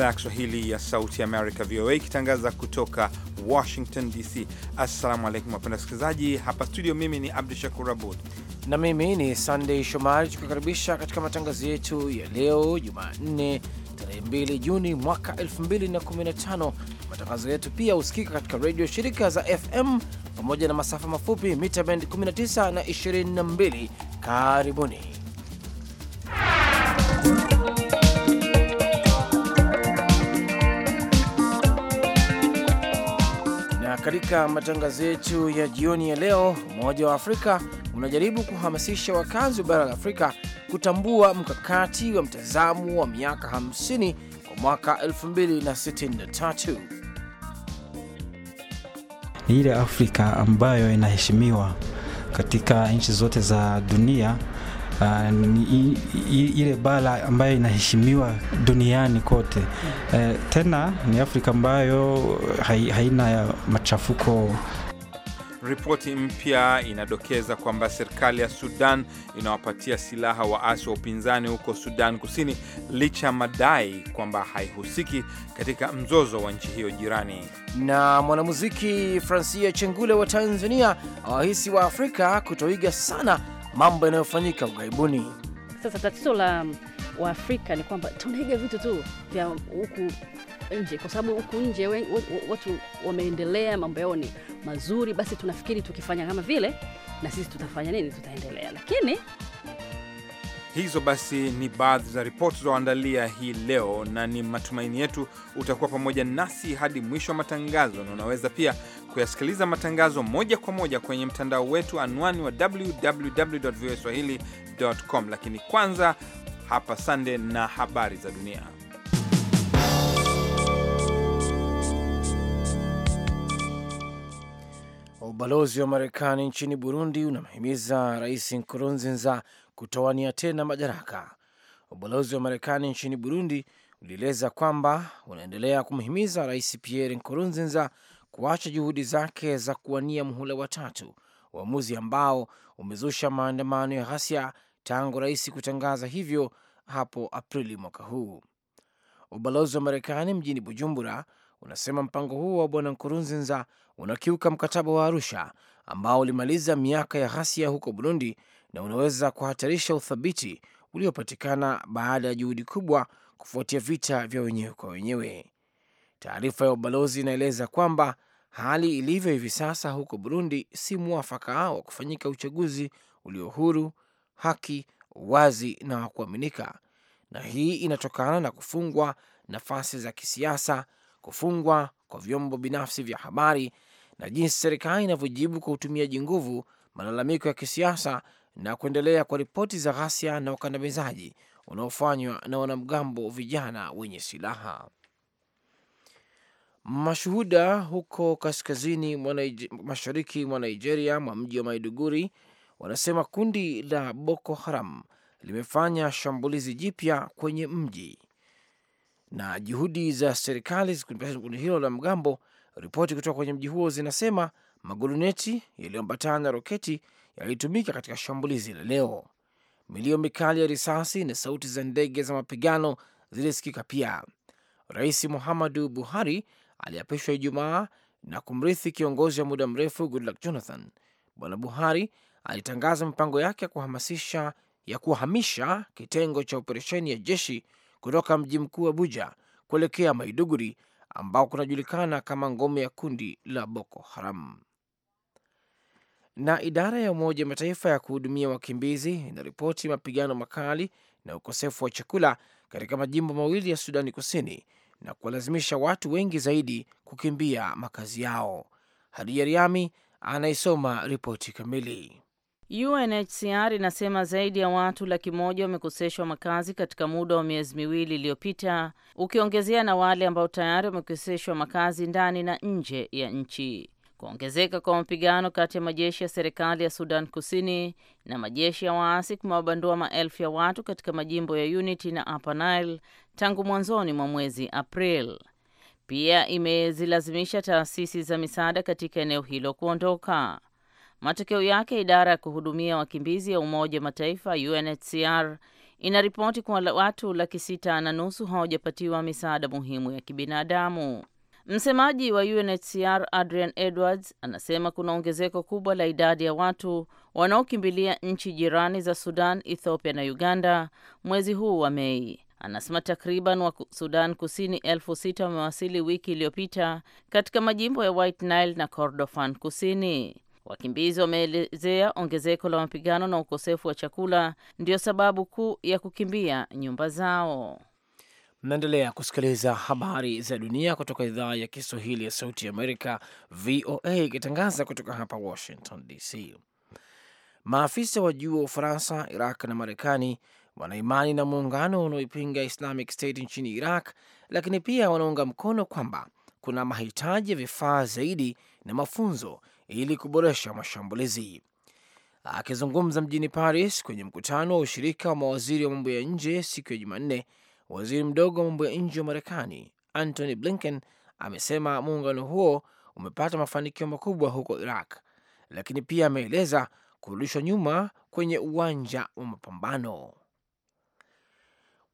idhaa ya Kiswahili ya Sauti Amerika, VOA, ikitangaza kutoka Washington DC. Assalamu alaikum wapenda wasikilizaji, hapa studio. Mimi ni Abdu Shakur Abud na mimi ni Sandey Shomari, tukikaribisha katika matangazo yetu ya leo Jumanne tarehe 2 Juni mwaka 2015. Matangazo yetu pia husikika katika redio shirika za FM pamoja na masafa mafupi mita bend 19 na 22. Karibuni katika matangazo yetu ya jioni ya leo, Umoja wa Afrika unajaribu kuhamasisha wakazi wa bara la Afrika kutambua mkakati wa mtazamo wa miaka 50 kwa mwaka 2063 ile Afrika ambayo inaheshimiwa katika nchi zote za dunia uh, ni, ile bala ambayo inaheshimiwa duniani kote uh, tena ni Afrika ambayo haina machafuko. Ripoti mpya inadokeza kwamba serikali ya Sudan inawapatia silaha waasi wa upinzani huko Sudan Kusini licha madai kwamba haihusiki katika mzozo wa nchi hiyo jirani. Na mwanamuziki Francia Chengule wa Tanzania awahisi wa Afrika kutoiga sana mambo yanayofanyika ughaibuni. Sasa tatizo la Waafrika ni kwamba tunaiga vitu tu vya huku nje kwa sababu huku nje watu wameendelea, mambo yao ni mazuri, basi tunafikiri tukifanya kama vile na sisi tutafanya nini, tutaendelea. Lakini hizo basi ni baadhi za ripoti tulizoandalia hii leo, na ni matumaini yetu utakuwa pamoja nasi hadi mwisho wa matangazo, na unaweza pia kuyasikiliza matangazo moja kwa moja kwenye mtandao wetu anwani wa www.voaswahili.com. Lakini kwanza hapa Sande na habari za dunia. Ubalozi wa Marekani nchini Burundi unamhimiza Rais Nkurunziza kutowania tena madaraka. Ubalozi wa Marekani nchini Burundi ulieleza kwamba unaendelea kumhimiza Rais Pierre Nkurunziza kuacha juhudi zake za kuwania muhula wa tatu, uamuzi ambao umezusha maandamano ya ghasia tangu rais kutangaza hivyo hapo Aprili mwaka huu. Ubalozi wa Marekani mjini Bujumbura unasema mpango huo wa bwana Nkurunziza unakiuka mkataba wa Arusha ambao ulimaliza miaka ya ghasia huko Burundi na unaweza kuhatarisha uthabiti uliopatikana baada ya juhudi kubwa kufuatia vita vya wenyewe kwa wenyewe. Taarifa ya ubalozi inaeleza kwamba hali ilivyo hivi sasa huko Burundi si mwafaka wa kufanyika uchaguzi ulio huru, haki, wazi na wa kuaminika, na hii inatokana na kufungwa nafasi za kisiasa, kufungwa kwa vyombo binafsi vya habari na jinsi serikali inavyojibu kwa utumiaji nguvu, malalamiko ya kisiasa na kuendelea kwa ripoti za ghasia na ukandamizaji unaofanywa na wanamgambo vijana wenye silaha. Mashuhuda huko kaskazini mashariki mwa Nigeria mwa mji wa Maiduguri wanasema kundi la Boko Haram limefanya shambulizi jipya kwenye mji na juhudi za serikali kundi hilo la mgambo. Ripoti kutoka kwenye mji huo zinasema maguruneti yaliyoambatana na roketi yalitumika katika shambulizi la leo. Milio mikali ya risasi na sauti za ndege za mapigano zilisikika pia. Rais Muhammadu Buhari aliapishwa Ijumaa na kumrithi kiongozi wa muda mrefu Goodluck Jonathan. Bwana Buhari alitangaza mipango yake ya kuhamasisha ya kuhamisha kitengo cha operesheni ya jeshi kutoka mji mkuu Abuja kuelekea Maiduguri ambao kunajulikana kama ngome ya kundi la Boko Haram. Na idara ya Umoja Mataifa ya kuhudumia wakimbizi inaripoti mapigano makali na ukosefu wa chakula katika majimbo mawili ya Sudani Kusini na kuwalazimisha watu wengi zaidi kukimbia makazi yao. Hadija Riami anaisoma ripoti kamili. UNHCR inasema zaidi ya watu laki moja wamekoseshwa makazi katika muda wa miezi miwili iliyopita, ukiongezea na wale ambao tayari wamekoseshwa makazi ndani na nje ya nchi. Kuongezeka kwa mapigano kati ya majeshi ya serikali ya Sudan Kusini na majeshi ya waasi kumewabandua maelfu ya watu katika majimbo ya Unity na Upper Nile tangu mwanzoni mwa mwezi April. Pia imezilazimisha taasisi za misaada katika eneo hilo kuondoka. Matokeo yake, idara ya kuhudumia wakimbizi ya Umoja wa Mataifa UNHCR inaripoti kuwa watu laki sita na nusu hawajapatiwa misaada muhimu ya kibinadamu. Msemaji wa UNHCR Adrian Edwards anasema kuna ongezeko kubwa la idadi ya watu wanaokimbilia nchi jirani za Sudan, Ethiopia na Uganda mwezi huu wa Mei anasema takriban wa Sudan Kusini elfu sita wamewasili wiki iliyopita katika majimbo ya White Nile na Kordofan Kusini. Wakimbizi wameelezea ongezeko la mapigano na ukosefu wa chakula ndiyo sababu kuu ya kukimbia nyumba zao. Mnaendelea kusikiliza habari za dunia kutoka idhaa ya Kiswahili ya Sauti ya Amerika, VOA, ikitangaza kutoka hapa Washington DC. Maafisa wa juu wa Ufaransa, Iraq na Marekani wanaimani na muungano unaoipinga Islamic State nchini Iraq, lakini pia wanaunga mkono kwamba kuna mahitaji ya vifaa zaidi na mafunzo ili kuboresha mashambulizi. Akizungumza mjini Paris kwenye mkutano wa ushirika wa mawaziri wa mambo ya nje siku ya Jumanne, waziri mdogo wa mambo ya nje wa Marekani Antony Blinken amesema muungano huo umepata mafanikio makubwa huko Iraq, lakini pia ameeleza kurudishwa nyuma kwenye uwanja wa mapambano.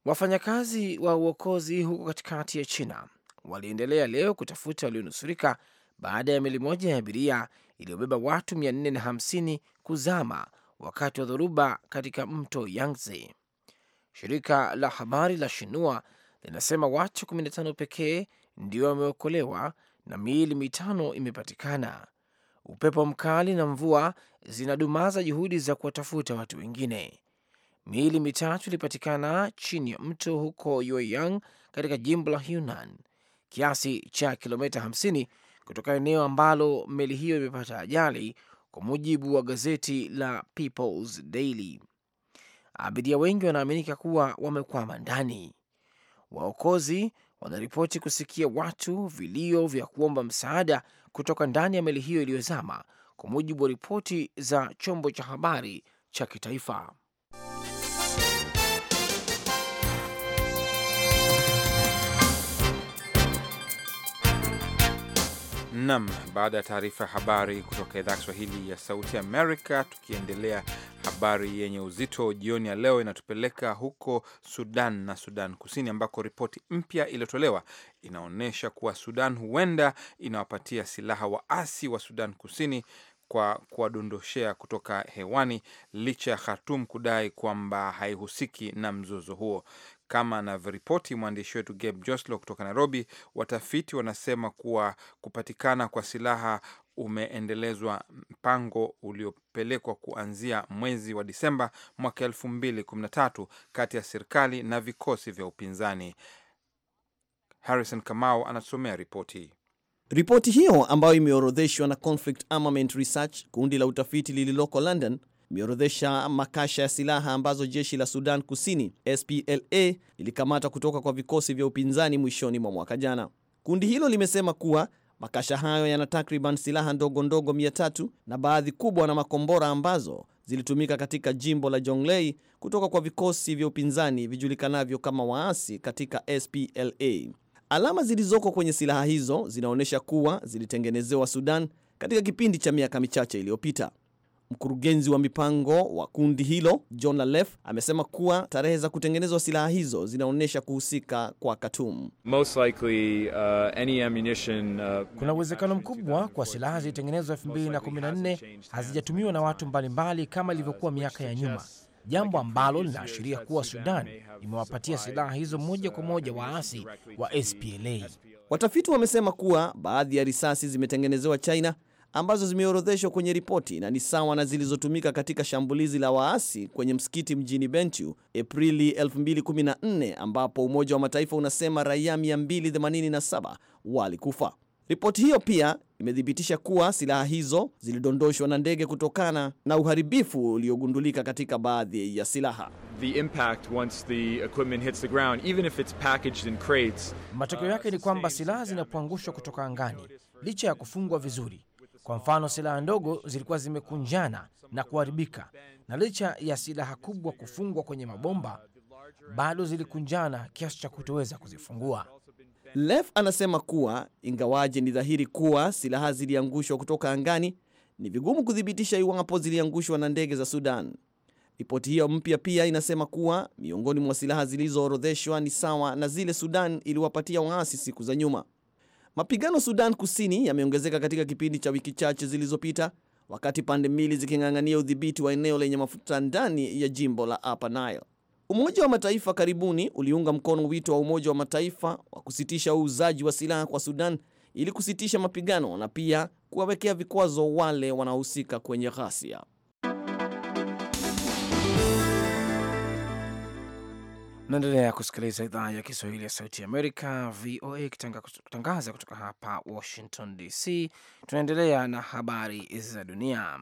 Wafanyakazi wa uokozi huko katikati ya China waliendelea leo kutafuta walionusurika baada ya meli moja ya abiria iliyobeba watu 450 kuzama wakati wa dhoruba katika mto Yangtze. Shirika la habari la Shinua linasema watu 15 pekee ndio wameokolewa na miili mitano imepatikana. Upepo mkali na mvua zinadumaza juhudi za kuwatafuta watu wengine. Miili mitatu ilipatikana chini ya mto huko Yueyang katika jimbo la hunan kiasi cha kilomita 50 kutoka eneo ambalo meli hiyo imepata ajali, kwa mujibu wa gazeti la People's Daily. Abiria wengi wanaaminika kuwa wamekwama ndani. Waokozi wanaripoti kusikia watu vilio vya kuomba msaada kutoka ndani ya meli hiyo iliyozama, kwa mujibu wa ripoti za chombo cha habari cha kitaifa. Nam, baada ya taarifa ya habari kutoka idhaa ya Kiswahili ya Sauti Amerika, tukiendelea habari yenye uzito jioni ya leo inatupeleka huko Sudan na Sudan Kusini, ambako ripoti mpya iliyotolewa inaonyesha kuwa Sudan huenda inawapatia silaha waasi wa Sudan Kusini kwa kuwadondoshea kutoka hewani licha ya Khartum kudai kwamba haihusiki na mzozo huo. Kama anavyoripoti mwandishi wetu Gabe Joslo kutoka Nairobi, watafiti wanasema kuwa kupatikana kwa silaha umeendelezwa mpango uliopelekwa kuanzia mwezi wa Disemba mwaka elfu mbili kumi na tatu kati ya serikali na vikosi vya upinzani. Harrison Kamau anasomea ripoti. Ripoti hiyo ambayo imeorodheshwa na Conflict Armament Research, kundi la utafiti lililoko London, imeorodhesha makasha ya silaha ambazo jeshi la Sudan Kusini SPLA lilikamata kutoka kwa vikosi vya upinzani mwishoni mwa mwaka jana. Kundi hilo limesema kuwa makasha hayo yana takriban silaha ndogo ndogo tatu na baadhi kubwa na makombora ambazo zilitumika katika jimbo la Jonglei kutoka kwa vikosi vya upinzani vijulikanavyo kama waasi katika SPLA. Alama zilizoko kwenye silaha hizo zinaonyesha kuwa zilitengenezewa Sudan katika kipindi cha miaka michache iliyopita. Mkurugenzi wa mipango wa kundi hilo John Lalef amesema kuwa tarehe za kutengenezwa silaha hizo zinaonyesha kuhusika kwa Katum. Most likely, uh, any ammunition, uh, kuna uwezekano mkubwa kwa silaha zilitengenezwa 214 hazijatumiwa na watu mbalimbali kama ilivyokuwa miaka ya nyuma, jambo ambalo linaashiria kuwa Sudan imewapatia silaha hizo moja kwa moja waasi wa SPLA. Watafiti wamesema kuwa baadhi ya risasi zimetengenezewa China ambazo zimeorodheshwa kwenye ripoti na ni sawa na zilizotumika katika shambulizi la waasi kwenye msikiti mjini Bentiu Aprili 2014 ambapo Umoja wa Mataifa unasema raia 287 walikufa. Ripoti hiyo pia imethibitisha kuwa silaha hizo zilidondoshwa na ndege kutokana na uharibifu uliogundulika katika baadhi ya silaha. Matokeo yake ni kwamba silaha zinapoangushwa kutoka angani, licha ya kufungwa vizuri, kwa mfano, silaha ndogo zilikuwa zimekunjana na kuharibika, na licha ya silaha kubwa kufungwa kwenye mabomba, bado zilikunjana kiasi cha kutoweza kuzifungua. Lef anasema kuwa ingawaje ni dhahiri kuwa silaha ziliangushwa kutoka angani, ni vigumu kuthibitisha iwapo ziliangushwa na ndege za Sudan. Ripoti hiyo mpya pia inasema kuwa miongoni mwa silaha zilizoorodheshwa ni sawa na zile Sudan iliwapatia waasi siku za nyuma. Mapigano Sudan Kusini yameongezeka katika kipindi cha wiki chache zilizopita, wakati pande mbili ziking'ang'ania udhibiti wa eneo lenye mafuta ndani ya jimbo la Upper Nile. Umoja wa Mataifa karibuni uliunga mkono wito wa Umoja wa Mataifa wa kusitisha uuzaji wa silaha kwa Sudan ili kusitisha mapigano na pia kuwawekea vikwazo wale wanaohusika kwenye ghasia. Naendelea kusikiliza idhaa ya Kiswahili ya Sauti Amerika, VOA, kutangaza kutoka hapa Washington DC. Tunaendelea na habari za dunia.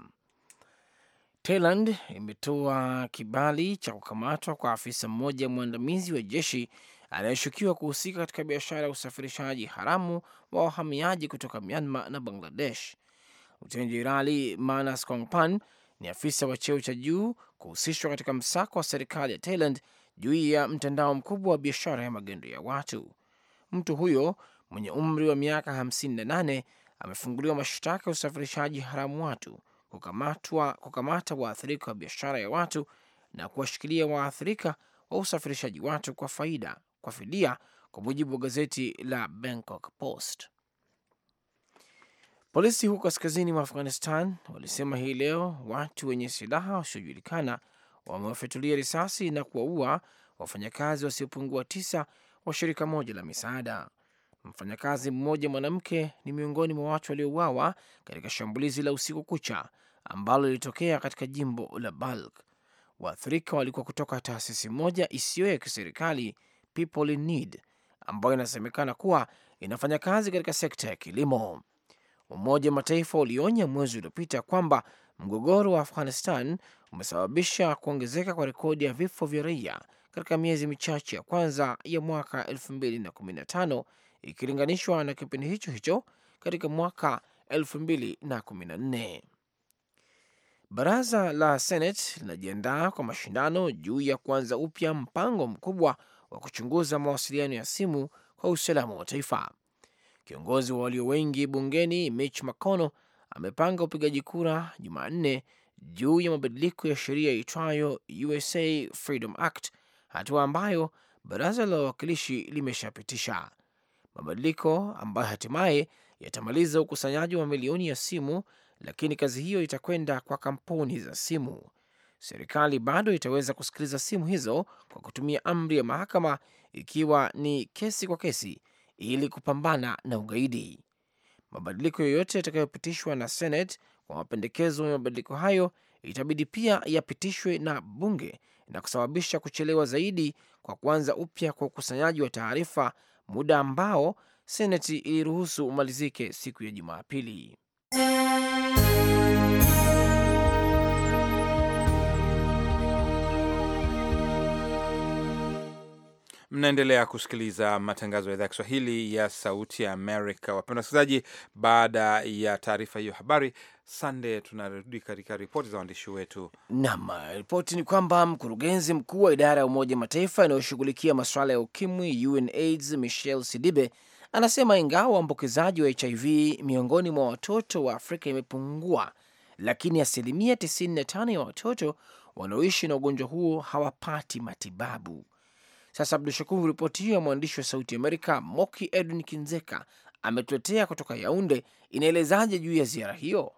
Thailand imetoa kibali cha kukamatwa kwa afisa mmoja mwandamizi wa jeshi anayeshukiwa kuhusika katika biashara ya usafirishaji haramu wa wahamiaji kutoka Myanmar na Bangladesh. Luteni Jenerali Manas Kongpan ni afisa wa cheo cha juu kuhusishwa katika msako wa serikali ya Thailand juu ya mtandao mkubwa wa biashara ya magendo ya watu. Mtu huyo mwenye umri wa miaka 58 amefunguliwa mashtaka ya usafirishaji haramu watu, kukamata waathirika wa biashara ya watu na kuwashikilia waathirika wa usafirishaji watu kwa faida kwa fidia, kwa mujibu wa gazeti la Bangkok Post. Polisi huko kaskazini mwa Afghanistan walisema hii leo watu wenye silaha wasiojulikana wamewafyatulia risasi na kuwaua wafanyakazi wasiopungua tisa wa shirika moja la misaada. Mfanyakazi mmoja mwanamke ni miongoni mwa watu waliouawa katika shambulizi la usiku kucha ambalo lilitokea katika jimbo la Balk. Waathirika walikuwa kutoka taasisi moja isiyo ya kiserikali People in Need ambayo inasemekana kuwa inafanya kazi katika sekta ya kilimo. Umoja wa Mataifa ulionya mwezi uliopita kwamba mgogoro wa Afghanistan umesababisha kuongezeka kwa rekodi ya vifo vya raia katika miezi michache ya kwanza ya mwaka 2015 ikilinganishwa na kipindi hicho hicho katika mwaka 2014. Baraza la Senate linajiandaa kwa mashindano juu ya kuanza upya mpango mkubwa wa kuchunguza mawasiliano ya simu kwa usalama wa taifa. Kiongozi wa walio wengi bungeni Mitch McConnell amepanga upigaji kura Jumanne juu ya mabadiliko ya sheria itwayo USA Freedom Act, hatua ambayo baraza la wawakilishi limeshapitisha. Mabadiliko ambayo hatimaye yatamaliza ukusanyaji wa mamilioni ya simu, lakini kazi hiyo itakwenda kwa kampuni za simu. Serikali bado itaweza kusikiliza simu hizo kwa kutumia amri ya mahakama, ikiwa ni kesi kwa kesi, ili kupambana na ugaidi. Mabadiliko yoyote yatakayopitishwa na Senate kwa mapendekezo ya mabadiliko hayo itabidi pia yapitishwe na bunge na kusababisha kuchelewa zaidi kwa kuanza upya kwa ukusanyaji wa taarifa, muda ambao seneti iliruhusu umalizike siku ya Jumapili. Mnaendelea kusikiliza matangazo ya idhaa ya Kiswahili ya Sauti ya Amerika. Wapenda wasikilizaji, baada ya taarifa hiyo habari Sande, tunarudi katika ripoti za waandishi wetu. Naam, ripoti ni kwamba mkurugenzi mkuu wa idara ya Umoja Mataifa inayoshughulikia masuala ya ukimwi UNAIDS michel Sidibe anasema ingawa uambukizaji wa HIV miongoni mwa watoto wa Afrika imepungua, lakini asilimia 95 ya watoto wanaoishi na ugonjwa huo hawapati matibabu. Sasa Abdu Shakuru, ripoti hiyo ya mwandishi wa Sauti Amerika Moki Edwin Kinzeka ametuletea kutoka Yaunde inaelezaje juu ya ziara hiyo?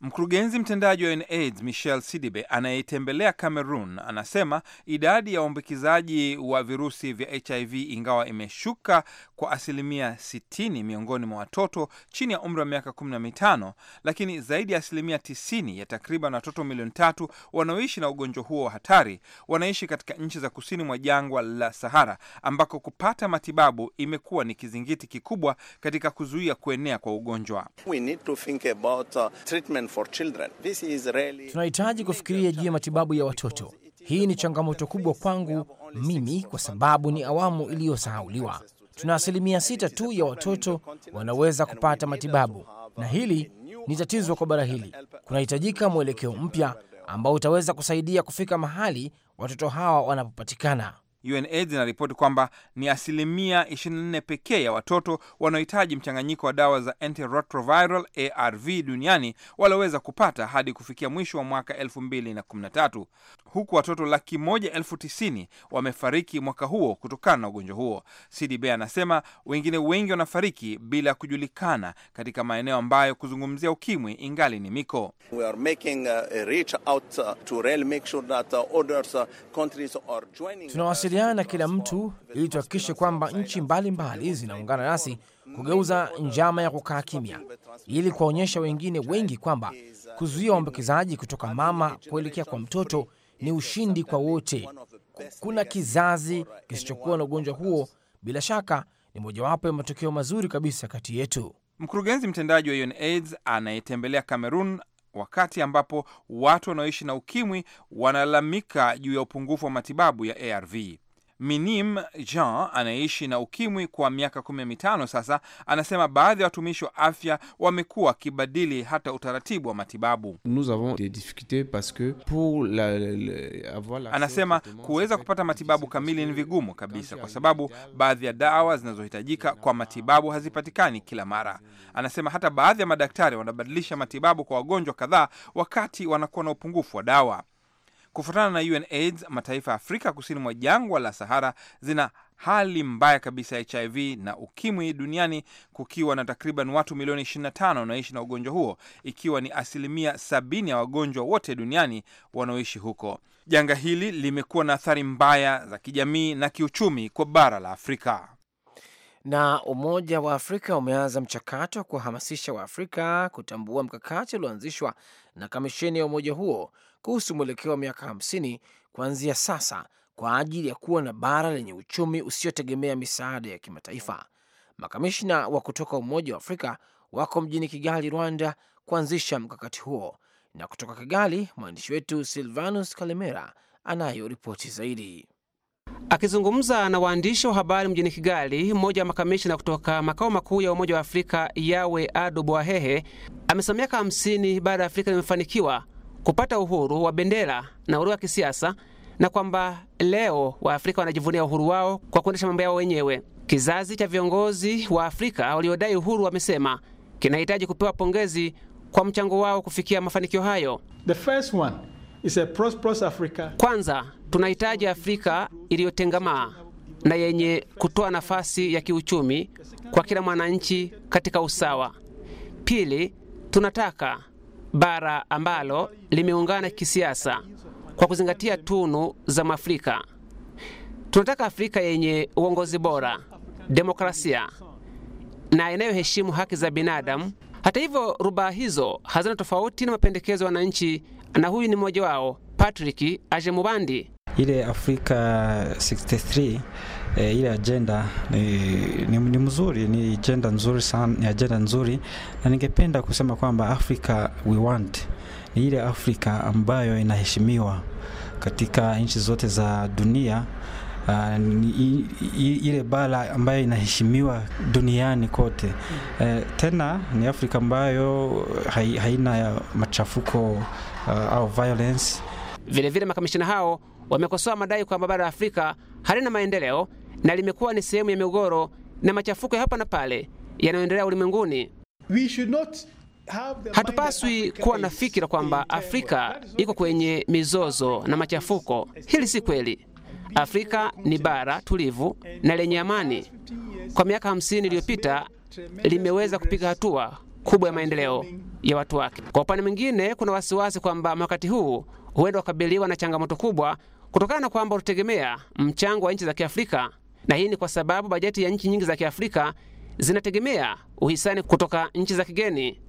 Mkurugenzi mtendaji wa UNAIDS Michel Sidibe anayeitembelea Cameroon anasema idadi ya uambukizaji wa virusi vya HIV ingawa imeshuka kwa asilimia 60 miongoni mwa watoto chini ya umri wa miaka 15, lakini zaidi ya asilimia 90 ya takriban watoto milioni tatu wanaoishi na ugonjwa huo wa hatari wanaishi katika nchi za kusini mwa jangwa la Sahara, ambako kupata matibabu imekuwa ni kizingiti kikubwa katika kuzuia kuenea kwa ugonjwa. We need to think about, uh, treatment Tunahitaji kufikiria juu ya matibabu ya watoto. Hii ni changamoto kubwa kwangu mimi, kwa sababu ni awamu iliyosahauliwa. Tuna asilimia sita tu ya watoto wanaweza kupata matibabu, na hili ni tatizo kwa bara hili. Kunahitajika mwelekeo mpya ambao utaweza kusaidia kufika mahali watoto hawa wanapopatikana. UNAIDS inaripoti kwamba ni asilimia 24 pekee ya watoto wanaohitaji mchanganyiko wa dawa za antiretroviral ARV duniani walioweza kupata hadi kufikia mwisho wa mwaka 2013, huku watoto laki moja elfu tisini wamefariki mwaka huo kutokana na ugonjwa huo. CDB anasema wengine wengi wanafariki bila kujulikana katika maeneo ambayo kuzungumzia ukimwi ingali ni miko. We are making a reach out uh, to really make sure that uh, other uh, countries are joining tunawasiliana na kila mtu ili tuhakikishe kwamba nchi mbalimbali zinaungana nasi kugeuza njama ya kukaa kimya ili kuwaonyesha wengine wengi kwamba kuzuia uambukizaji kutoka mama kuelekea kwa mtoto ni ushindi kwa wote. Kuna kizazi kisichokuwa na ugonjwa huo, bila shaka ni mojawapo ya matokeo mazuri kabisa kati yetu. Mkurugenzi mtendaji wa UNAIDS anayetembelea Cameroon wakati ambapo watu wanaoishi na ukimwi wanalalamika juu ya upungufu wa matibabu ya ARV. Minim Jean anayeishi na ukimwi kwa miaka kumi na mitano sasa. Anasema baadhi ya watumishi wa afya wamekuwa wakibadili hata utaratibu wa matibabu. Nous avons des difficultés parce que pour la, avoir la... Anasema kuweza kupata matibabu kamili ni vigumu kabisa, kwa sababu baadhi ya dawa zinazohitajika kwa matibabu hazipatikani kila mara. Anasema hata baadhi ya madaktari wanabadilisha matibabu kwa wagonjwa kadhaa wakati wanakuwa na upungufu wa dawa. Kufuatana na UNAIDS, mataifa ya Afrika kusini mwa jangwa la Sahara zina hali mbaya kabisa ya HIV na ukimwi duniani kukiwa na takriban watu milioni 25 wanaoishi na ugonjwa huo ikiwa ni asilimia sabini ya wagonjwa wote duniani wanaoishi huko. Janga hili limekuwa na athari mbaya za kijamii na kiuchumi kwa bara la Afrika. Na Umoja wa Afrika umeanza mchakato wa kuwahamasisha Waafrika kutambua mkakati ulioanzishwa na kamisheni ya umoja huo kuhusu mwelekeo wa miaka 50 kuanzia sasa kwa ajili ya kuwa na bara lenye uchumi usiotegemea misaada ya kimataifa. Makamishna wa kutoka Umoja wa Afrika wako mjini Kigali, Rwanda, kuanzisha mkakati huo. Na kutoka Kigali, mwandishi wetu Silvanus Kalemera anayo ripoti zaidi. Akizungumza na waandishi wa habari mjini Kigali, mmoja wa makamishina kutoka makao makuu ya Umoja wa Afrika Yawe Ado Bwahehe amesema miaka 50 baada ya Afrika limefanikiwa kupata uhuru wa bendera na uhuru wa kisiasa, na kwamba leo Waafrika wanajivunia uhuru wao kwa kuendesha mambo yao wenyewe. Kizazi cha viongozi wa Afrika waliodai uhuru wamesema kinahitaji kupewa pongezi kwa mchango wao kufikia mafanikio hayo. The first one is a prosperous Africa. Kwanza Tunahitaji Afrika iliyotengamaa na yenye kutoa nafasi ya kiuchumi kwa kila mwananchi katika usawa. Pili, tunataka bara ambalo limeungana kisiasa kwa kuzingatia tunu za Mwafrika. Tunataka Afrika yenye uongozi bora, demokrasia na inayoheshimu haki za binadamu. Hata hivyo, rubaa hizo hazina tofauti na mapendekezo ya wananchi, na huyu ni mmoja wao, Patrick ajemubandi ile Afrika 63 e, eh, ile ajenda ni, ni, ni mzuri, ni ajenda nzuri sana, ni ajenda nzuri, na ningependa kusema kwamba Africa we want ni ile Afrika ambayo inaheshimiwa katika nchi zote za dunia. Uh, ni, ile bara ambayo inaheshimiwa duniani kote. Uh, tena ni Afrika ambayo hai, haina machafuko uh, au violence. Vilevile makamishina hao wamekosoa madai kwamba bara la Afrika halina maendeleo na limekuwa ni sehemu ya migogoro na machafuko ya hapa na pale yanayoendelea ulimwenguni. Hatupaswi kuwa na fikira kwamba Afrika iko kwenye mizozo na machafuko. Hili si kweli. Afrika ni bara tulivu na lenye amani. Kwa miaka hamsini iliyopita limeweza kupiga hatua kubwa ya maendeleo ya watu wake. Kwa upande mwingine, kuna wasiwasi kwamba wakati huu huenda wakabiliwa na changamoto kubwa kutokana na kwamba utategemea mchango wa nchi za Kiafrika, na hii ni kwa sababu bajeti ya nchi nyingi za Kiafrika zinategemea uhisani kutoka nchi za kigeni.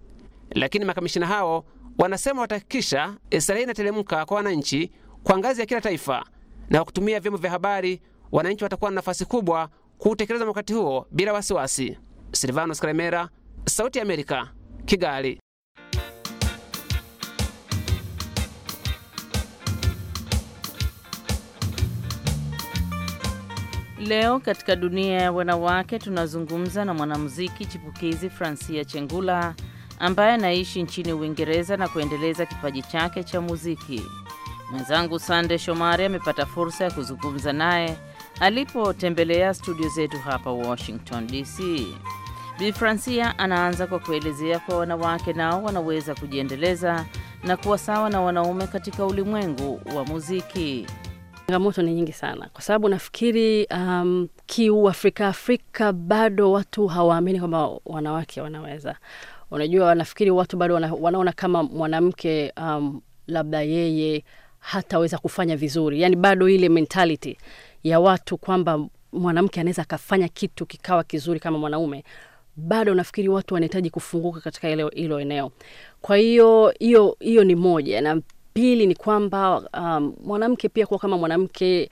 Lakini makamishina hao wanasema watahakikisha sera hii inateremka kwa wananchi kwa ngazi ya kila taifa, na kwa kutumia vyombo vya habari wananchi watakuwa na nafasi kubwa kuutekeleza wakati huo bila wasiwasi. Silvanos Karemera, Sauti ya Amerika, Kigali. Leo katika dunia ya wanawake tunazungumza na mwanamuziki chipukizi Francia Chengula ambaye anaishi nchini Uingereza na kuendeleza kipaji chake cha muziki. Mwenzangu Sande Shomari amepata fursa ya kuzungumza naye alipotembelea studio zetu hapa Washington DC. Bi Francia anaanza kwa kuelezea kwa wanawake nao wanaweza kujiendeleza na kuwa sawa na wanaume katika ulimwengu wa muziki. Changamoto ni nyingi sana, kwa sababu nafikiri um, kiu Afrika Afrika bado watu hawaamini kwamba wanawake wanaweza. Unajua, nafikiri watu bado wana, wanaona kama mwanamke um, labda yeye hataweza kufanya vizuri, yani bado ile mentality ya watu kwamba mwanamke anaweza akafanya kitu kikawa kizuri kama mwanaume bado nafikiri watu wanahitaji kufunguka katika hilo eneo. Kwa hiyo hiyo hiyo ni moja, na pili ni kwamba um, mwanamke pia kuwa kama mwanamke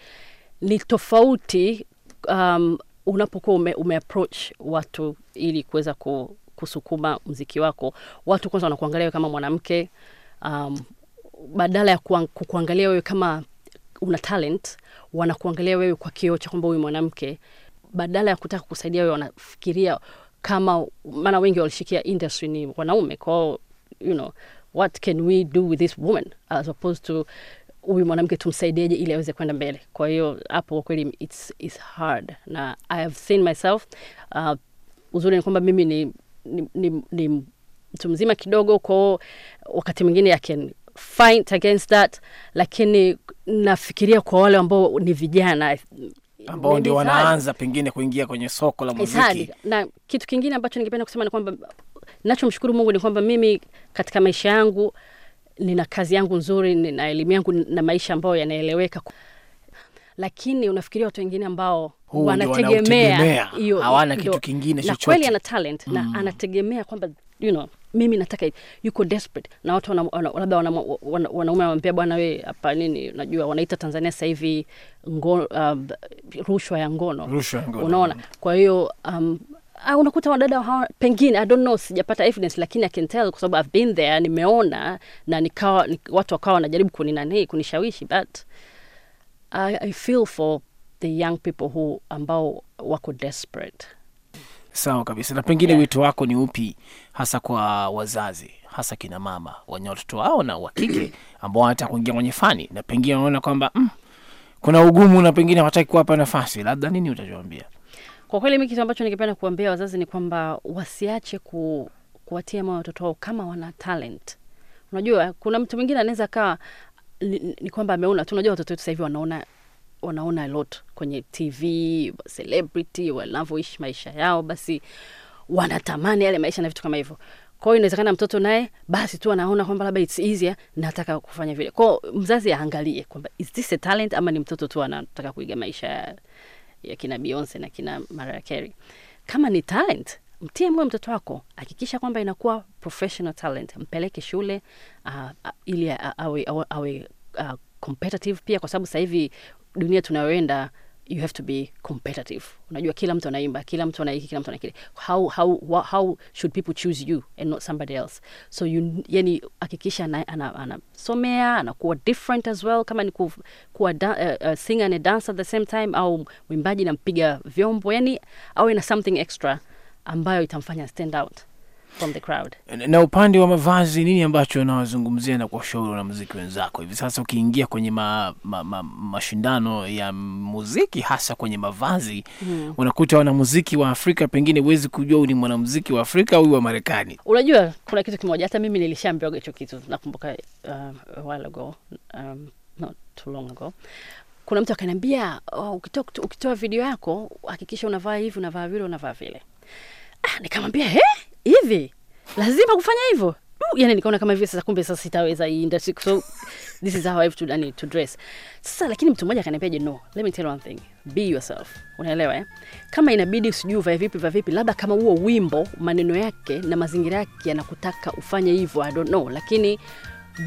ni tofauti um, unapokuwa ume, ume approach watu ili kuweza ku, kusukuma mziki wako. Watu kwanza wanakuangalia kama mwanamke um, badala ya kukuangalia wewe kama una talent, wanakuangalia wewe kwa kioo cha kwamba huyu mwanamke, badala ya kutaka kusaidia wewe, wanafikiria kama, maana wengi walishikia industry ni wanaume kwao, you know, what can we do with this woman as opposed to huyu mwanamke tumsaidieje ili aweze kwenda mbele. Kwa hiyo hapo kweli it's, it's hard na I have seen myself. Uh, uzuri ni kwamba mimi ni, ni, ni, ni mtu mzima kidogo, kwao wakati mwingine I can fight against that, lakini nafikiria kwa wale ambao ni vijana ambao ndio wanaanza pengine kuingia kwenye soko la muziki. Na kitu kingine ambacho ningependa kusema ni kwamba Nachomshukuru Mungu ni kwamba mimi katika maisha yangu nina kazi yangu nzuri, nina elimu yangu na maisha ambayo yanaeleweka, lakini unafikiria watu wengine ambao wanategemea hiyo, hawana kitu kingine chochote, na kweli ana talent mm. na anategemea kwamba you know, mimi nataka yuko desperate na watu labda wanaume wana, bwana we hapa nini najua wanaita Tanzania sasa hivi uh, rushwa ya ngono, unaona. Kwa hiyo um, uh, unakuta wadada hawa pengine I don't know, sijapata evidence lakini I can tell kwa sababu I've been there, nimeona na nikawa ni, watu wakawa wanajaribu kuninani kunishawishi but I, I feel for the young people who ambao wako desperate. Sawa kabisa. Na pengine yeah, wito wako ni upi hasa kwa wazazi, hasa kina mama wenye watoto wao na wa kike ambao wanataka kuingia kwenye fani na pengine wanaona kwamba mm, kuna ugumu na pengine hawataki kuwapa nafasi, labda nini utatuambia? Kwa kweli mimi kitu ambacho ningependa kuambia wazazi ni kwamba wasiache ku, kuwatia moyo watoto wao kama wana talent. Unajua kuna mtu mwingine anaweza kawa ni, ni kwamba ameona tu. Unajua watoto wetu sasa hivi wanaona wanaona a lot kwenye TV, celebrity wanavyoishi maisha yao, basi wanatamani yale maisha na vitu kama hivyo. kwao inawezekana mtoto naye basi tu anaona kwamba labda it's easier, nataka kufanya vile. kwao mzazi aangalie kwamba is this a talent ama ni mtoto tu anataka kuiga maisha ya kina Beyonce na kina Mariah Carey. Kama ni talent, mtie moyo mtoto wako, hakikisha kwamba inakuwa professional talent, mpeleke shule uh, ili awe, awe, awe uh, competitive pia, kwa sababu sasa hivi dunia tunayoenda you have to be competitive unajua kila mtu anaimba kila mtu anaiki kila mtu anakile how, how, how should people choose you and not somebody else so you, yani hakikisha anasomea ana, ana anakuwa different as well kama ni ku, kuwa da, uh, uh, singer and dance at the same time au mwimbaji nampiga vyombo yani awe na something extra ambayo itamfanya stand out from the crowd. Na upande wa mavazi, nini ambacho unawazungumzia na kuwashauri wanamuziki wenzako hivi sasa, ukiingia kwenye ma, ma, ma, mashindano ya muziki hasa kwenye mavazi hmm. Unakuta wanamuziki wa Afrika, pengine huwezi kujua huyu ni mwanamuziki wa Afrika au wa Marekani. Unajua kuna kitu kimoja, hata mimi nilishambiwaga hicho kitu, nakumbuka uh, while ago um, not too long ago kuna mtu akaniambia oh, ukitoa ukitoa video yako hakikisha unavaa hivi unavaa vile unavaa vile. Ah, nikamwambia he, eh? hivi lazima kufanya hivyo uh, yani nikaona kama hivi sasa kumbe sasa sitaweza hii industry so this is how I have to, yani, to dress sasa lakini mtu mmoja akaniambia je no let me tell one thing be yourself unaelewa eh? kama inabidi usijue vya vipi vya vipi labda kama huo wimbo maneno yake na mazingira yake yanakutaka ufanye hivyo i don't know lakini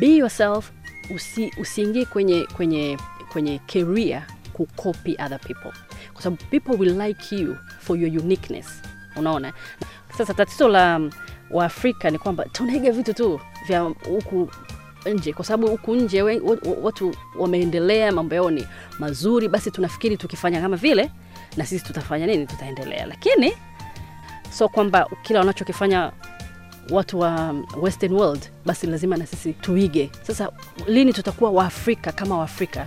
be yourself usi, usiingie kwenye kwenye kwenye career ku copy other people kwa sababu people will like you for your uniqueness unaona sasa tatizo la Waafrika ni kwamba tunaiga vitu tu vya huku nje kwa sababu huku nje watu wameendelea, mambo yao ni mazuri, basi tunafikiri tukifanya kama vile na sisi tutafanya nini, tutaendelea. Lakini so kwamba kila wanachokifanya watu wa Western world basi lazima na sisi tuige. Sasa lini tutakuwa Waafrika kama Waafrika?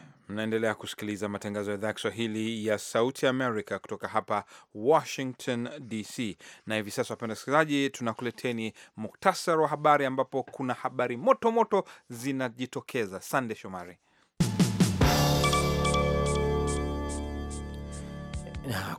Mnaendelea kusikiliza matangazo ya idhaa ya Kiswahili ya Sauti Amerika kutoka hapa Washington DC, na hivi sasa, wapenda wasikilizaji, tunakuleteni muktasari wa habari ambapo kuna habari moto moto zinajitokeza. Sande Shomari.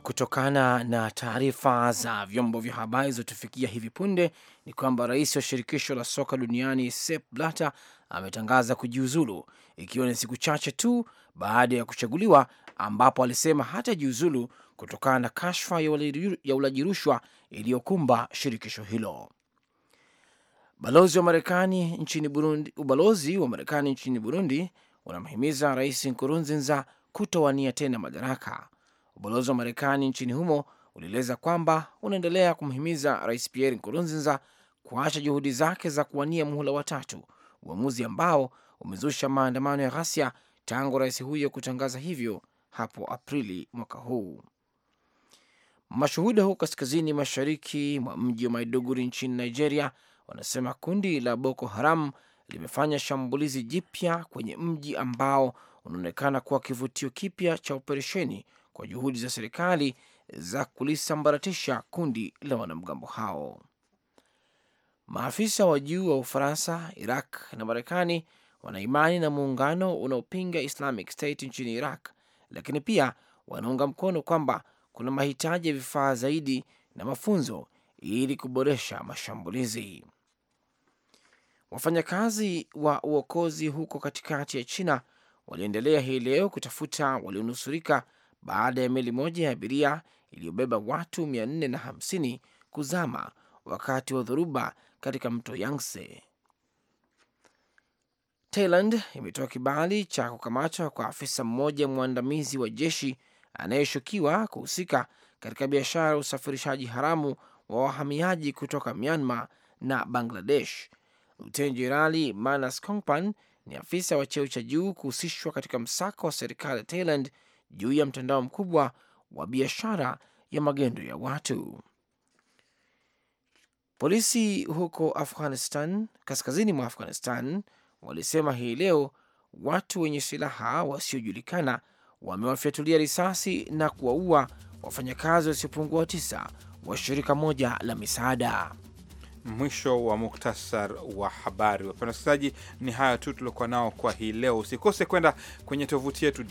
Kutokana na taarifa za vyombo vya habari zilizotufikia hivi punde, ni kwamba rais wa shirikisho la soka duniani Sepp Blatter ametangaza kujiuzulu ikiwa ni siku chache tu baada ya kuchaguliwa, ambapo alisema hatajiuzulu kutokana na kashfa ya ulaji rushwa iliyokumba shirikisho hilo. Balozi wa Marekani nchini Burundi, ubalozi wa Marekani nchini Burundi unamhimiza Rais Nkurunziza kutowania tena madaraka. Ubalozi wa Marekani nchini humo ulieleza kwamba unaendelea kumhimiza Rais Pierre Nkurunziza kuacha juhudi zake za kuwania muhula watatu uamuzi ambao umezusha maandamano ya ghasia tangu rais huyo kutangaza hivyo hapo Aprili mwaka huu. Mashuhuda huko kaskazini mashariki mwa mji wa Maiduguri nchini Nigeria wanasema kundi la Boko Haram limefanya shambulizi jipya kwenye mji ambao unaonekana kuwa kivutio kipya cha operesheni kwa juhudi za serikali za kulisambaratisha kundi la wanamgambo hao. Maafisa wa juu wa Ufaransa, Iraq na Marekani wanaimani na muungano unaopinga Islamic State nchini Iraq, lakini pia wanaunga mkono kwamba kuna mahitaji ya vifaa zaidi na mafunzo ili kuboresha mashambulizi. Wafanyakazi wa uokozi huko katikati ya China waliendelea hii leo kutafuta walionusurika baada ya meli moja ya abiria iliyobeba watu 450 kuzama wakati wa dhoruba katika mto Yangtze. Thailand imetoa kibali cha kukamatwa kwa afisa mmoja mwandamizi wa jeshi anayeshukiwa kuhusika katika biashara ya usafirishaji haramu wa wahamiaji kutoka Myanmar na Bangladesh. Luteni Jenerali Manas Kongpan ni afisa wa cheo cha juu kuhusishwa katika msako wa serikali ya Thailand juu ya mtandao mkubwa wa biashara ya magendo ya watu. Polisi huko Afghanistan, kaskazini mwa Afghanistan, walisema hii leo watu wenye silaha wasiojulikana wamewafyatulia risasi na kuwaua wafanyakazi wasiopungua tisa wa shirika moja la misaada mwisho wa muktasar wa habari. Wapenda wasikilizaji, ni hayo tu tuliokuwa nao kwa hii leo. Usikose kwenda kwenye tovuti yetu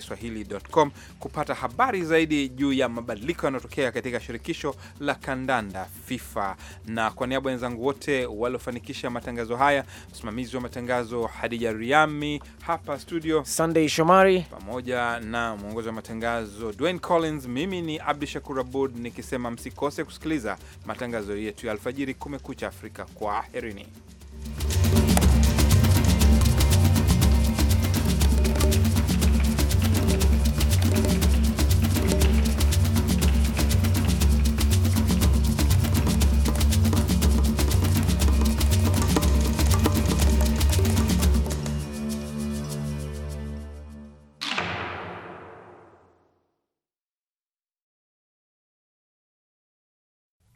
swahilicom kupata habari zaidi juu ya mabadiliko yanayotokea katika shirikisho la kandanda FIFA. Na kwa niaba wenzangu wote waliofanikisha matangazo haya, msimamizi wa matangazo Hadija Riami, hapa studio Sunday Shomari, pamoja na mwongozi wa matangazo Dwayne Collins, mimi ni Abdu Shakur Abud nikisema msikose kusikiliza matangazo yetu ya alfajiri. Kumekucha Afrika, kwa kwaherini.